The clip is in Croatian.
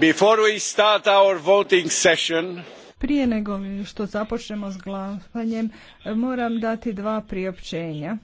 Before voting session, prije nego što započnemo s glasanjem, moram dati dva priopćenja.